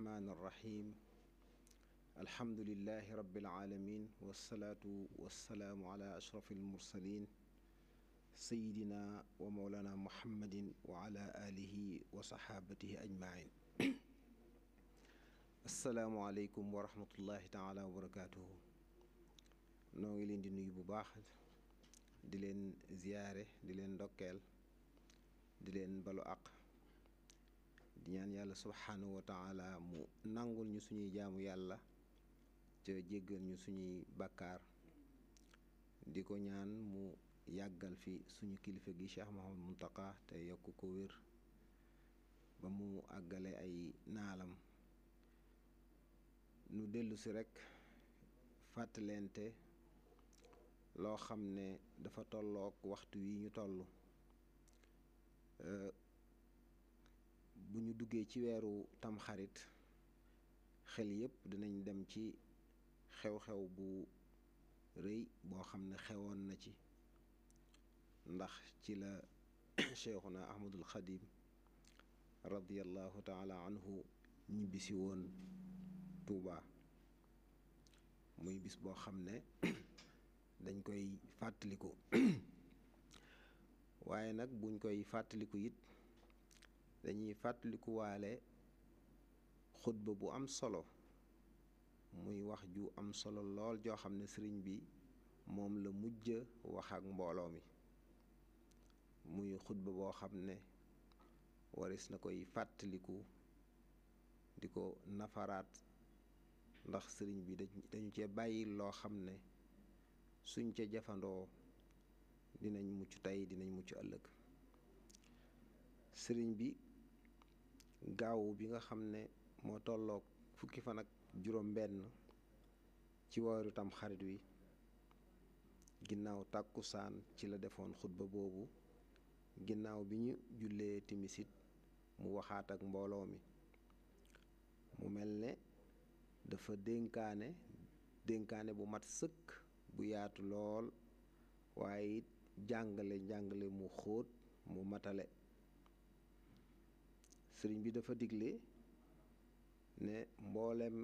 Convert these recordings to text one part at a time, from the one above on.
arrahmaan arrahim alhamdulilahi rabbil alamin wassalaatu wassalaamu ala ashraf almursalin sayidina wa mawlana muhammadin wa ala alihi wa saxaabatihi ajmain assalaamu aleykum wa rahmatullahi taala wa barakatuhu noo ngi leen di nuyu bu baax di leen ziyaare di leen ndokkeel di leen balu àq di ñaan yàlla subhaanahu wa taala mu nangul ñu suñuy jaamu yàlla te jéggal ñu suñuy bàkkaar di ko ñaan mu yàggal fi suñu kilifa gi Cheikh Mouhamadou Mountakha te yokk ko wér ba mu àggale ay naalam nu dellusi rekk fàttalente loo xam ne dafa tollook waxtu wi ñu toll bu ñu duggee ci weeru tamxarit xel yépp dinañ dem ci xew-xew bu rëy boo xam ne xewoon na ci ndax ci la cheikhuna ahmadul xadim radiallahu taala anhu ñibbisi woon tuubaa muy bis boo xam ne dañ koy fàttaliku waaye nag buñ koy fàttaliku it dañuy fàttaliku waale xutba bu am solo muy wax ju am solo lool joo xam ne sëriñ bi moom la mujj wax ak mbooloo mi muy xutba boo xam ne waris na koy fàttaliku di ko nafaraat ndax sëriñ bi dañu cee bàyyi loo xam ne suñ cee jafandoo dinañ mucc tey dinañ mucc ëllëg sëriñ bi gaaw bi nga xam ne moo tolloog fukki fan ak juróom-benn ci wooru tam xarit wi ginnaaw tàkkusaan ci la defoon xutba boobu ginnaaw bi ñu jullee timisit mu waxaat ak mbooloo mi mu mel ne dafa dénkaane dénkaane bu mat sëkk bu yaatu lool waaye it jàngale jàngale mu xóot mu matale sëriñ bi dafa digle ne mboolem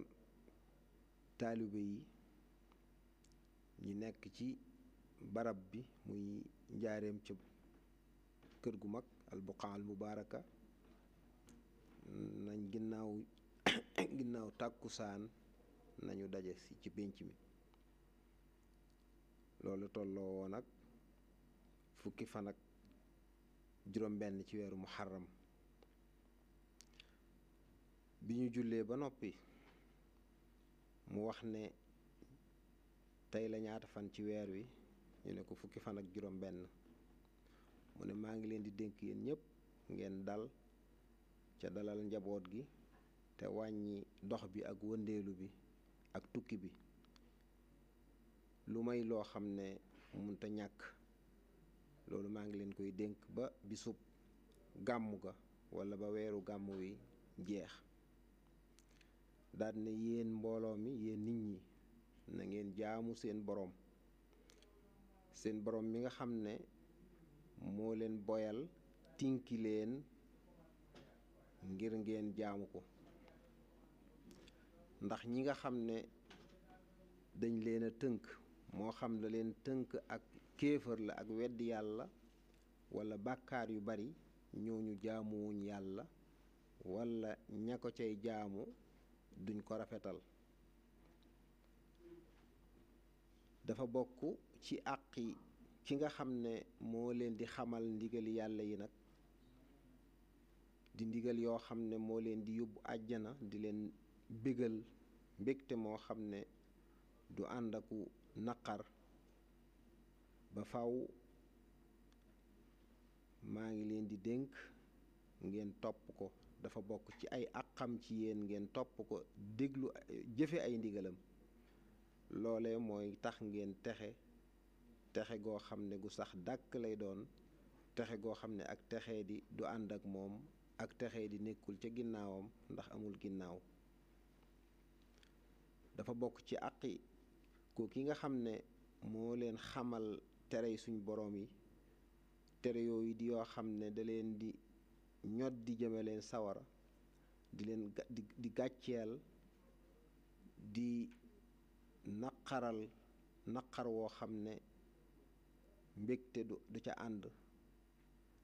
taalibe yi ñi nekk ci barab bi muy njaareem ca kër gu mag albuqa al mubaaraka nañ ginnaaw ginnaaw tàkkusaan nañu daje si ci pénc mi loola tolloo woon ak fukki fan ak juróom benn ci weeru muharram bi ñu jullee ba noppi mu wax ne tey la ñaata fan ci weer wi ñu ne ko fukki fan ak juróom benn mu ne maa ngi leen di dénk yéen ñëpp ngeen dal ca dalal njaboot gi te wàññi dox bi ak wëndeelu bi ak tukki bi lu may loo xam ne munta ñàkk loolu maa ngi leen koy dénk ba bisub gàmm ga walla ba weeru gàmm wi jeex daal ne yéen mbooloo mi yéen nit ñi na ngeen jaamu seen boroom seen boroom mi nga xam ne moo leen boyal tinki leen ngir ngeen jaamu ko ndax ñi nga xam ne dañ leen tënk moo xam la leen tënk ak kéefër la ak wedd yàlla walla bàkkaar yu bari ñooñu jaamuwuñ yàlla walla ña ko cay jaamu duñ ko rafetal dafa bokk ci àqi ki nga xam ne moo leen di xamal ndigali yàlla yi nag di ndigal yoo xam ne moo leen di yóbbu àjjana di leen bégal mbégte moo xam ne du ànd aku naqar ba faw maa ngi leen di dénk ngeen topp ko dafa bokk ci ay àqam ci yéen ngeen topp ko déglu jëfe ay ndigalam loole mooy tax ngeen texe texe goo xam ne gu sax dàq lay doon texe goo xam ne ak texe di du ànd ak moom ak texe di nekkul ca ginnaawam ndax amul ginnaaw dafa bokk ci àqi ko ki nga xam ne moo leen xamal tere suñ boroom yi tere yooyu di yoo xam ne da leen di ñot di jëme leen sawara di leen di di gàcceel di naqaral naqar woo xam ne mbégte du du ca ànd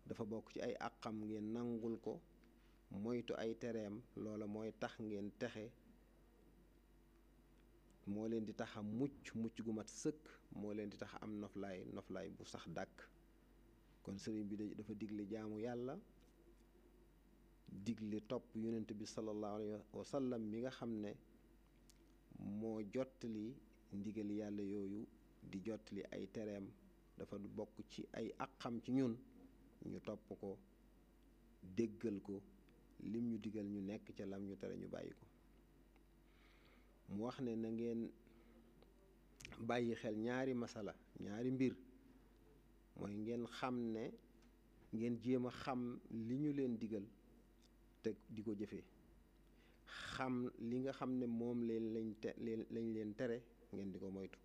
dafa bokk ci ay àqam ngeen nangul ko moytu ay tereem loola mooy tax ngeen texe moo leen di tax a mucc mucc gu mat sëkk moo leen di tax am noflaay noflaay bu sax dàkk kon sëriñ bi dafa digle jaamu yàlla digle topp yonent bi sallallahu alayhi wa bi nga xam ne moo jottali ndigal yàlla yooyu di jottali ay tereem dafa bokk ci ay àqam ci ñun ñu topp ko déggal ko lim ñu digal ñu nekk ca lam ñu tere ñu bàyyi ko mu wax ne na ngeen bàyyi xel ñaari masala ñaari mbir mooy ngeen xam ne ngeen jéem a xam li ñu leen digal te di ko jëfe xam li nga xam ne moom leen lañ lañ leen tere ngeen di ko moytu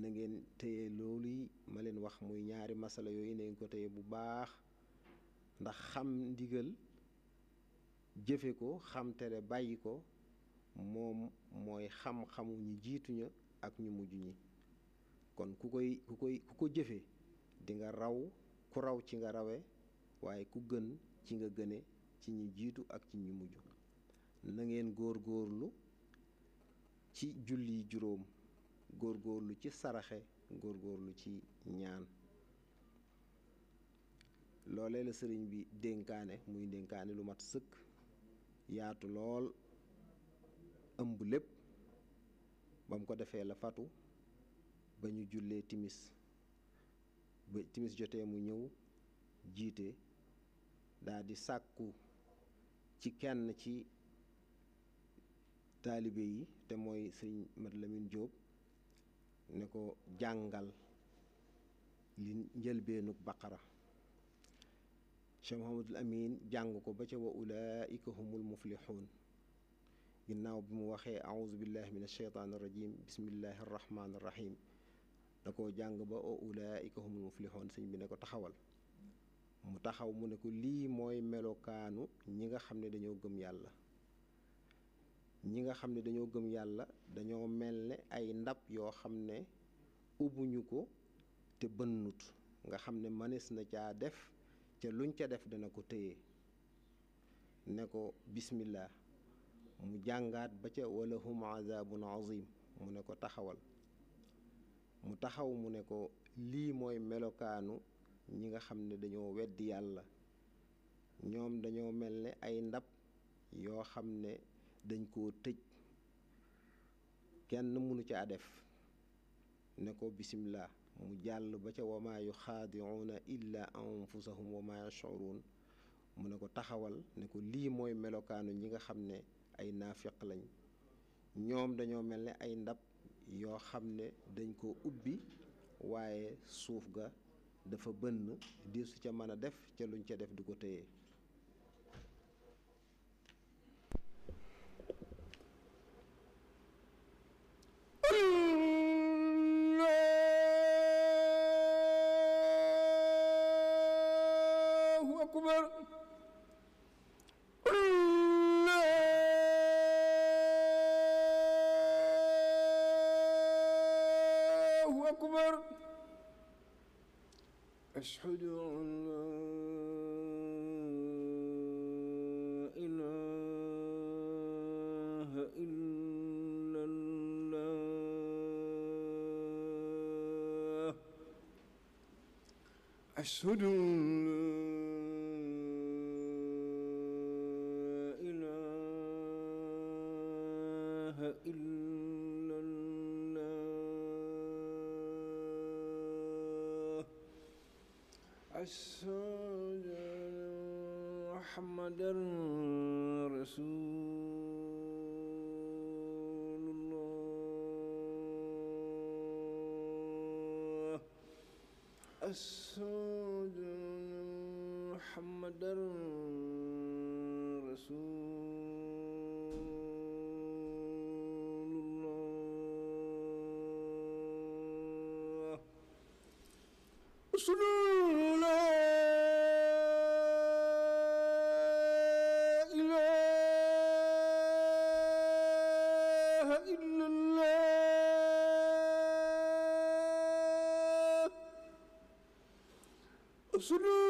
na ngeen téye loolu yi ma leen wax muy ñaari masala yooyu neen ko téye bu baax ndax xam ndigal jëfe ko xam tere bàyyi ko moom mooy xam-xamu ñi jiitu ña ak ñu mujj ñi kon ku koy ku koy ku ko jëfe di nga raw ku raw ci nga rawe waaye ku gën ci nga gëne ci ñi jiitu ak ci ñi mujj na ngeen góorlu ci julli juróom góorgóorlu ci saraxe góorgóorlu ci ñaan loolee sëriñ bi dénkaane muy dénkaane lu mat sëkk yaatu lool ëmb lépp ba mu ko defee la fatu ba ñu jullee timis ba timis jotee mu ñëw jiite daa sàkku ci kenn ci taalibe yi te mooy sëñ Mat Lamin Jóob ne ko jàngal li njëlbeenug baqara Cheikh Mouhamadul Amin jàng ko ba ca wa ulaika humul muflixuun ginnaaw bi mu waxee auzu billahi min asheytaan rajim bismillahi arrahmaan arrahim da koo jàng ba wa ulaika humul muflixuun sëñ bi ne ko taxawal mu taxaw mu ne ko lii mooy melokaanu ñi nga xam ne dañoo gëm yàlla ñi nga xam ne dañoo gëm yàlla dañoo mel ne ay ndab yoo xam ne ubbuñu ko te bënnut nga xam ne mënees na caa def ca luñ ca def dana ko téye ne ko bismillah mu jàngaat ba ca walahum azabun azim mu ne ko taxawal mu taxaw mu ne ko lii mooy melokaanu ñi nga xam ne dañoo wedd yàlla ñoom dañoo mel ni ay ndab yoo xam ne dañ koo tëj kenn mënu caa def ne ko bisimilah mu jàll ba ca wama yu xaadiruuna illa anfusahum wama yashuruun mu ne ko taxawal ne ko lii mooy melokaanu ñi nga xam ne ay naafiq lañ ñoom dañoo mel ni ay ndab yoo xam ne dañ koo ubbi waaye suuf ga dafa bënn su ca mën a def ca luñ ca def du ko téyee ashhadu ilaha illallah ashhadu muhammadan rasulullah ashhadu محمدا رسول الله صلى لا إله إلا الله صلى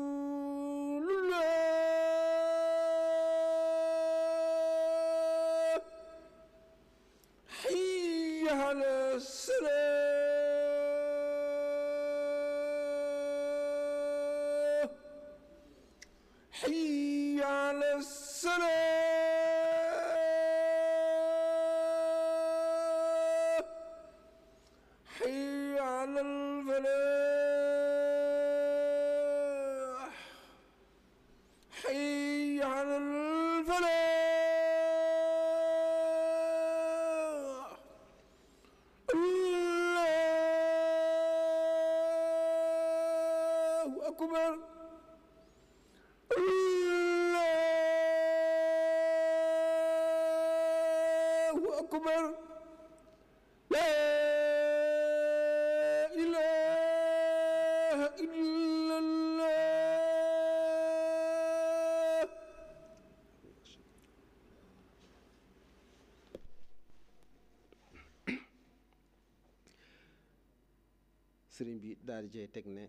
sëriñ bi daal di teg ne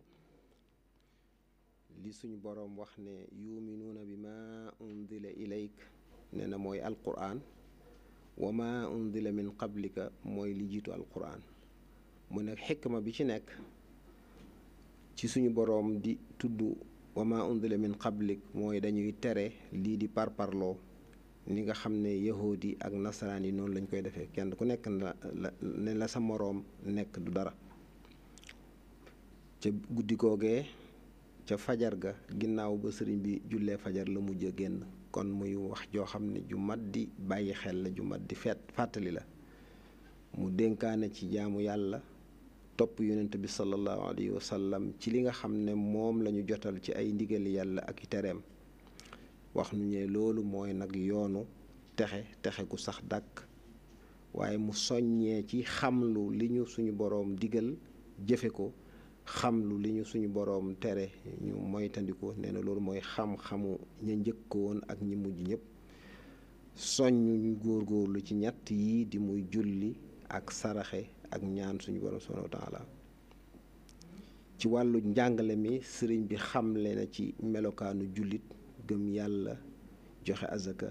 li suñu boroom wax ne yuminuuna bi ma undila ilayk nee na mooy alquran wa ma undila min qablika mooy li jiitu alquran mu ne xikma bi ci nekk ci suñu boroom di tudd wa ma undila min qablik mooy dañuy tere lii di par parparloo ni nga xam ne yahuud yi ak nasaraan yi noonu lañ koy defee kenn ku nekk ne la sa moroom nekk du dara ca guddi googee ca fajar ga ginnaaw ba sëriñ bi jullee fajar la mu a génn kon muy wax joo xam ne ju mat di bàyyi xel la ju mat di feet fàttali la mu dénkaane ci jaamu yàlla topp yonent bi sallallahu alayhi wa ci li nga xam ne moom lañu jotal ci ay ndigali yàlla ak i tereem wax nu ne loolu mooy nag yoonu texe texe gu sax dàkk waaye mu soññee ci xamlu li ñu suñu boroom digal jëfe ko xam lu li suñu boroom tere ñu moytandiku nee na loolu mooy xam-xamu ña njëkk ak ñi mujj ñëpp soññu ñu góorgóorlu ci ñett yi di muy julli ak saraxe ak ñaan suñu boroom subhanahu wa ci wàllu njàngale mi sëriñ bi xamle na ci melokaanu jullit gëm yàlla joxe azaka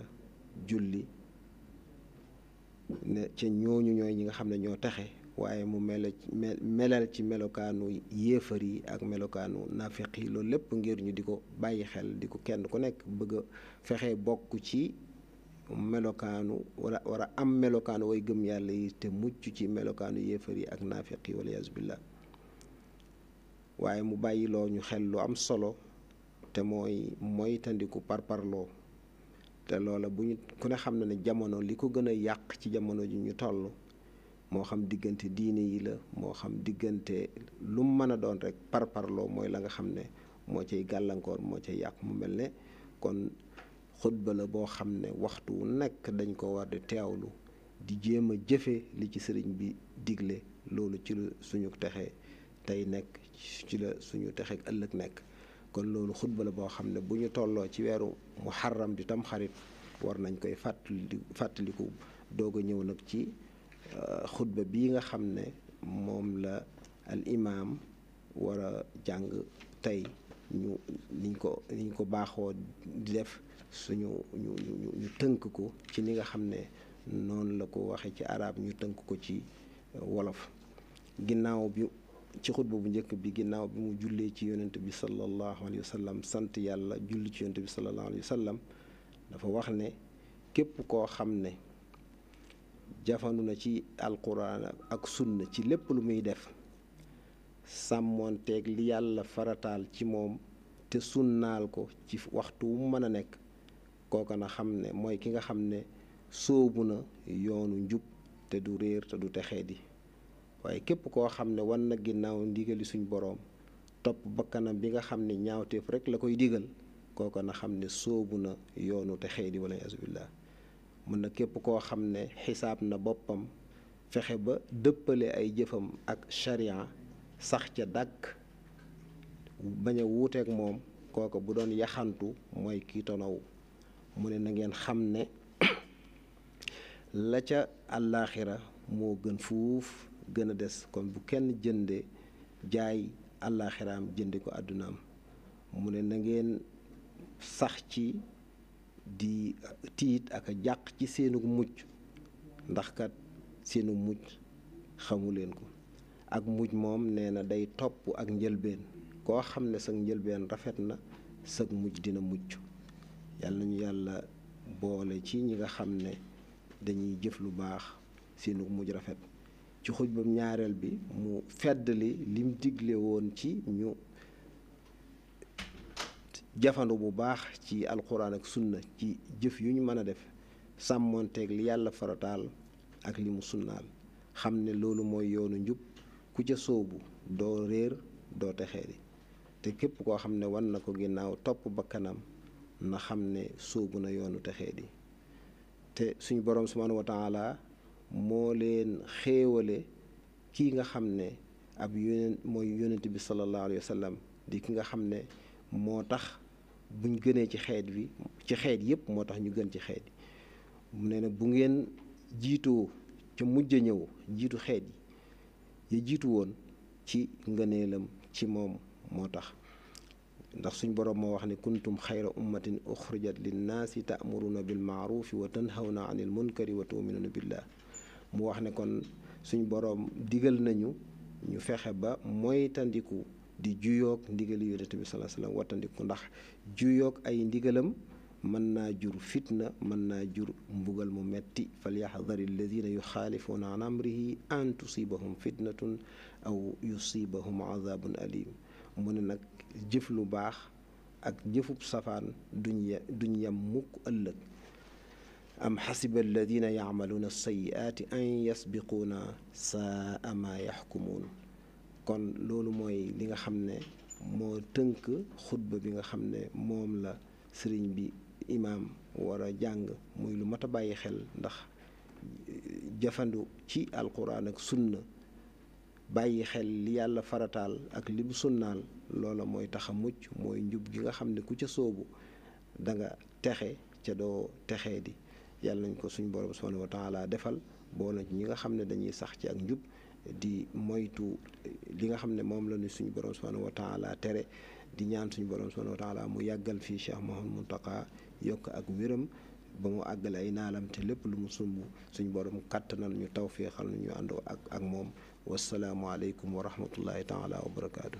julli ne ca ñooñu ñooy ñi nga xam ne ñoo texe waaye mu mel melal ci melokaanu yéefar yi ak melokaanu nafiq yi loolu lépp ngir ñu di ko bàyyi xel di ko kenn ku nekk bëgg fexe bokk ci melokaanu wala war a am melokaanu way gëm yàlla yi te mucc ci melokaanu yéefar yi ak nafiq yi wala yasubillah waaye mu bàyyi loo ñu xel lu am solo te mooy moytandiku parparloo te loola bu ñu ku ne xam na ne jamono li ko gën a yàq ci jamono ji ñu toll moo xam diggante diine yi la moo xam diggante lu mu mën a doon rek par parloo mooy la nga xam ne moo ciy gàllankoor moo cay yàq mu mel ne kon xutba la boo xam ne waxtu wu nekk dañ ko war di lu di jéem a jëfe li ci sëriñ bi digle loolu ci la suñu texe tey nekk ci la suñu texe ëllëg nekk kon loolu xutba la boo xam ne bu ñu tolloo ci weeru muharram di tam xarit war nañ koy fàttali fàttaliku doog a ñëw nag ci Euh, xutba bii nga xam ne moom la al imaam war a jàng tey ñu niñ ko niñ ko baaxoo di def suñu ñu ñu ñu tënk ko ci li nga xam ne noonu la ko waxee ci araab ñu tënk ko ci euh, wolof ginnaaw bi ci xutba bu njëkk bi ginnaaw bi mu jullee ci yonent bi sallallahu alayhi wa sallam sant yàlla julli ci yonent bi sallallahu alayhi wa dafa wax ne képp koo xam ne jafandu na ci alxuraan ak sunna ci lépp lu muy def sàmmoonteeg li yàlla farataal ci moom te sunnaal ko ci waxtu wu mën a nekk kooka na xam ne mooy ki nga xam ne sóobu na yoonu njub te du réer te du texee di waaye képp koo xam ne wan na ginnaaw ndigali suñ boroom topp bakkanam bi nga xam ne ñaawteef rek la koy digal kooka na xam ne soobu na yoonu texee di wala asubillah mën na képp koo xam ne xisaab na boppam fexe ba dëppale ay jëfam ak sharia sax ca dàkk bañ a wuuteeg moom kooka bu doon yaxantu mooy kii tonaw mu ne na ngeen xam ne la ca àllaaxira moo gën fuuf gën a des kon bu kenn jënde jaay àllaaxiraam jëndi ko àddunaam mu ne na sax ci di tiit ak a jàq ci seenu mucc ndax kat seenu mucc xamu leen ko ak mucc moom nee na day topp ak njëlbeen koo xam ne sag njëlbeen rafet na sag mucc dina mucc yàlla nañu yàlla boole ci ñi nga xam ne dañuy jëf lu baax seenu mucc rafet ci xujbam ñaareel bi mu fedd li lim digle woon ci ñu jafandu bu baax ci alquran ak sunna ci jëf yu ñu mën a def sàmmonteeg li yàlla farataal ak li mu sunnaal xam ne loolu mooy yoonu njub ku ca sóobu doo réer doo texeeri te képp koo xam ne wan na ko ginnaaw topp bakkanam na xam ne sóobu na yoonu di te suñu borom subhanahu wa taala moo leen xéewale kii nga xam ne ab mooy yonent bi sallallahu alayhi wa di ki nga xam ne moo tax buñ gënee ci xeet bi ci xeet yépp moo tax ñu gën ci xeet yi mu ne na bu ngeen jiitoo ca mujj a ñëw jiitu xeet yi ya jiitu woon ci ngëneelam ci moom moo tax ndax suñ boroom moo wax ne kuntum xayra ummatin uxrijat linnaasi taamuruuna bil maarufi wa tanhawna anil munkari wa tuminuuna billah mu wax ne kon suñ boroom digal nañu ñu fexe ba moytandiku di juyoog ndigali yonent bi salaa salaam ndax juyoog ay ndigalam mën naa jur fitna mën naa jur mbugal mu metti fal yaxdari alladina yuxaalifuuna an amrihi an tusibahum mu ne nag jëf lu baax ak jëfub safaan duñ ye duñ yem mukk ëllëg am xasiba alladina yacmaluuna alsayiaati an yasbiquuna saa ma yaxkumuun kon loolu mooy li nga xam ne moo tënk xutba bi nga xam ne moom la sëriñ bi imaam war jàng muy lu mat a bàyyi xel ndax eh, jafandu ci alquran ak sunna bàyyi xel li yàlla farataal ak li mu sunnaal loola mooy tax mucc mooy njub gi nga xam ne ku ca soobu da nga texe ca doo texee di yàlla nañ ko suñ borom subhanahu wa taala defal boole ñi nga xam ne dañuy sax ci ak njub di moytu li nga xam ne moom la ñu suñu borom subhanahu wa taala tere di ñaan suñu borom subhanahu wa mu yàggal fii Cheikh Mouhamadou Mountakha yokk ak wéram ba mu àggal ay naalam te lépp lu mu sumb suñu borom kàttanal ñu tawféexal ñu àndoo ak ak moom wasalaamualeykum wa rahmatullahi taala wa barakaatu.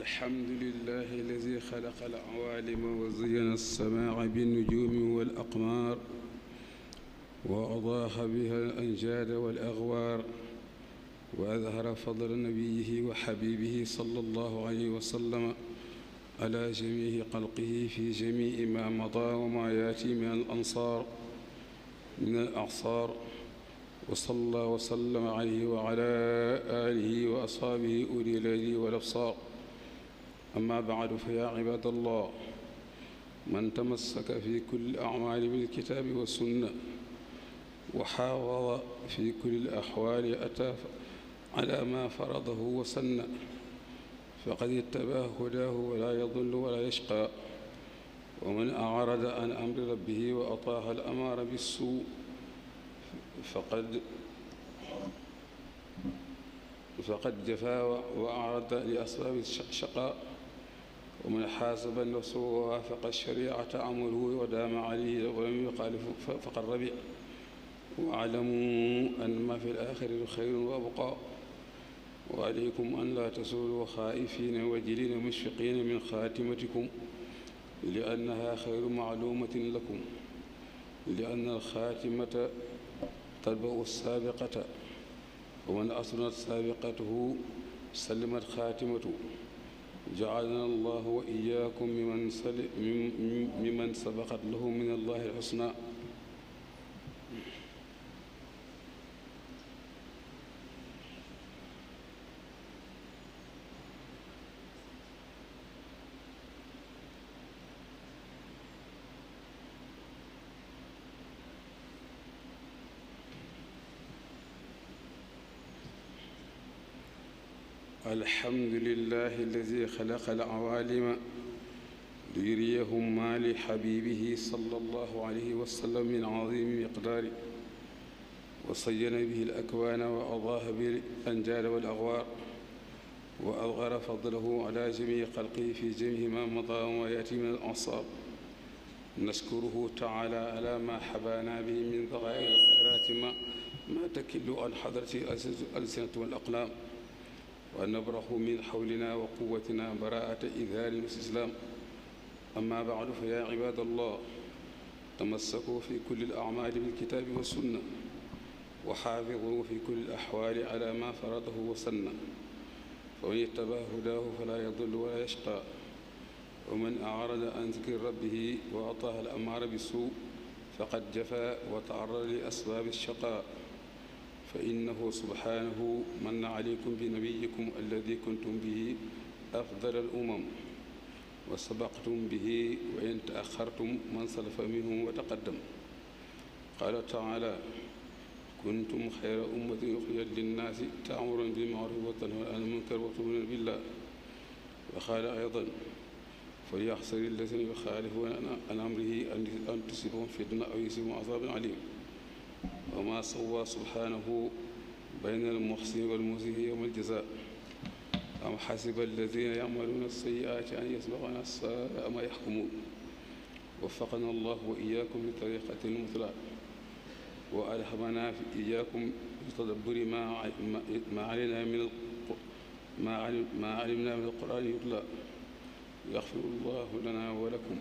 الحمد لله الذي خلق العوالم وزين السماء بالنجوم والأقمار وأضاح بها الأنجاد والأغوار وأظهر فضل نبيه وحبيبه صلى الله عليه وسلم على جميع خلقه في جميع ما مضى وما ياتي من الأنصار من الأعصار وصلى وسلم عليه وعلى آله وأصحابه أولي الأيدي والأبصار أما بعد فيا عباد الله من تمسك في كل الأعمال بالكتاب والسنة وحافظ في كل الأحوال أتى على ما فرضه وسن فقد اتباه هداه ولا يضل ولا يشقى ومن أعرض عن أمر ربه وأطاع الأمر بالسوء faqad faqad jafaa wa arada li asbaabi shaqaa wa man xaasaba nafsahu wa waafaqa shariicata amaluhu wa daama alayhi wa lam yuxaalif faqad rabi wa aclamu an maa fi laaxirati xayrun wa abqaa wa alaykum an laa tazuulu xaa'ifiina waajiliina mushfiqiina min xaatimatikum li annahaa xayru macluumatin lakum li anna alxaatimata tatbau saabiqata wa man asnat saabiqatuhu salimat xaatimatu jaalana allahu wa iyaakum miman sabaqat lahu min allahi alxusna الحمد لله الذي خلق العوالم ليريهم ما لحبيبه صلى الله عليه وسلم من عظيم مقدار وصين به الأكوان وأضاه به الأنجال والأغوار وأظهر فضله على جميع خلقه في جميع ما مضى وما يأتي من الأعصاب نشكره تعالى على ما حبانا به من ضغائن الخيرات ما ما تكل عن حضرته الألسنة والأقلام وأن نبرح من حولنا وقوتنا براءة إذهال الاستسلام أما بعد فيا عباد الله تمسكوا في كل الأعمال بالكتاب والسنة وحافظوا في كل الأحوال على ما فرضه وسنة فمن اتبع هداه فلا يضل ولا يشقى ومن أعرض عن ذكر ربه وأعطاه الأمر بالسوء فقد جفا وتعرض لأسباب الشقاء fa innahu subhanahu manna alaykum bi nabiyikum alladi kuntum bihi afdal al umam wa sabaqtum bihi wa in taaxartum man salafa minhum wa taqaddam qaala taala kuntum xayra ummatin uxrijat linnaasi taamuruuna bil ma'ruufi wa tanhawna anil munkari wa tu'minuuna billah wa qaala aydan falyaxsari allazina yuxaalifuuna an amrihi an tusibahum fitna aw yusibahum azaabun aliim wa ma sawa subhanahu bayna almuxsini walmusii yowma aljazaa am xasiba alladina yacmaluuna alsayiaati an yasbaxana saa ma yaxkumuun wafaqana allah wa iyaakum li tariqati lmutla wa alhamana iyaakum litadabburi ma alimna min alquran yutla yaxfiru llahu lana wa lakum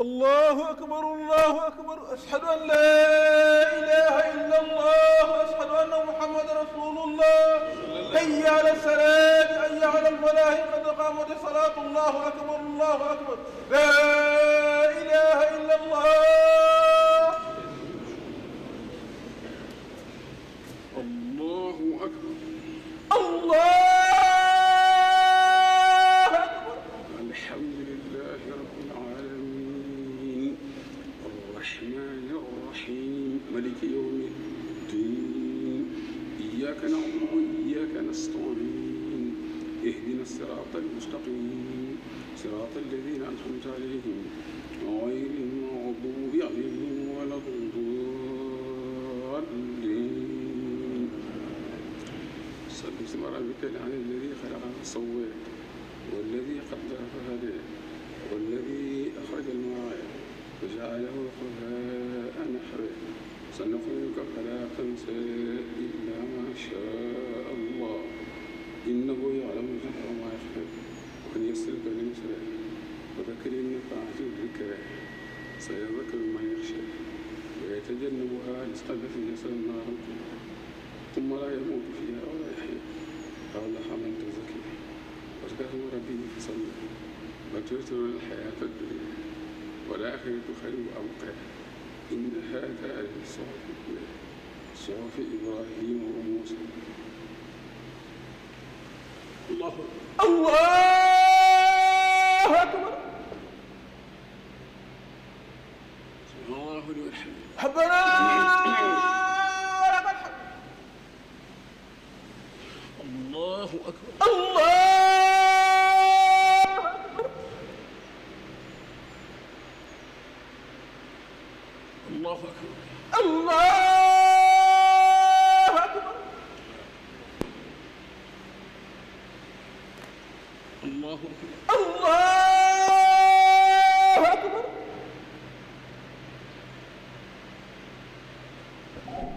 allahu akbar allahu akbar ashhadu an la ilaha illa allah ashhadu anna muhammadan rasulullah hayya ala salaat hayya ala alfalah qad qaamat salaat allahu akbar allahu akbar la ilaha illa allah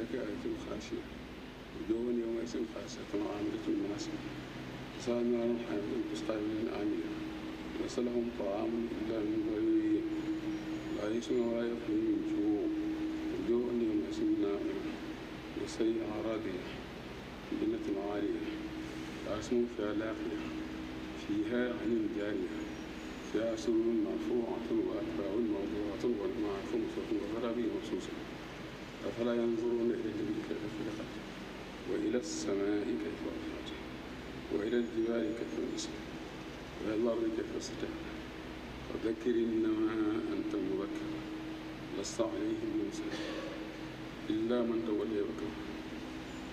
ذكرت الخاشية بدون يومئذ خاسة عاملة ناصبة صار نار حامل مستقبل عامية ليس لهم طعام إلا من ضروري لا يسمع ولا يقوي من جوع وجوع يومئذ نائمة وسيئة رادية جنة عالية لا اسم فيها لاقية فيها عين جارية فيها سرور مرفوعة وأتباع موضوعة والمعافى مصرة وغرابي مبسوسة afalaa yanzuruuna ila al-ibili kayfa xuliqat wa ila as-samaa'i kayfa rufi'at wa ila al-jibaali kayfa nusibat wa ila al-ardi kayfa sutihat fa dakkir innamaa anta mudakkir lasta alayhim bi musaytir illaa man tawallaa wa kafar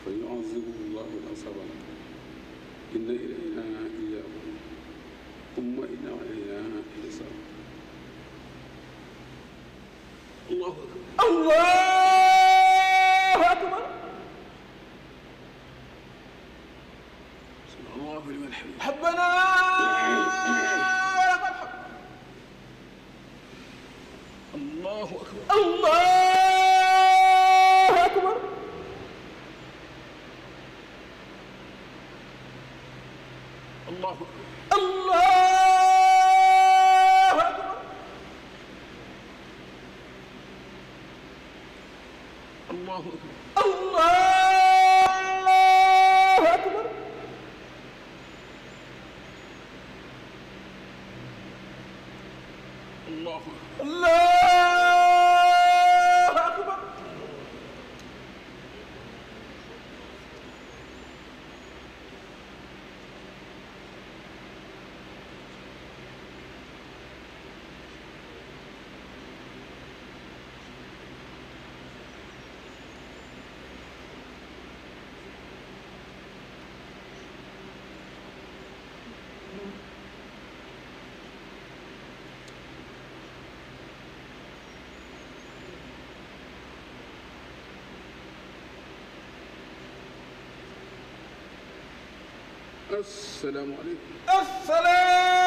fa yu'azzibuhu llaahu al-'adhaab al-akbar inna ilaynaa iyyaabahum thumma inna alaynaa hisaabakum asalaamaaleykum. asalaam.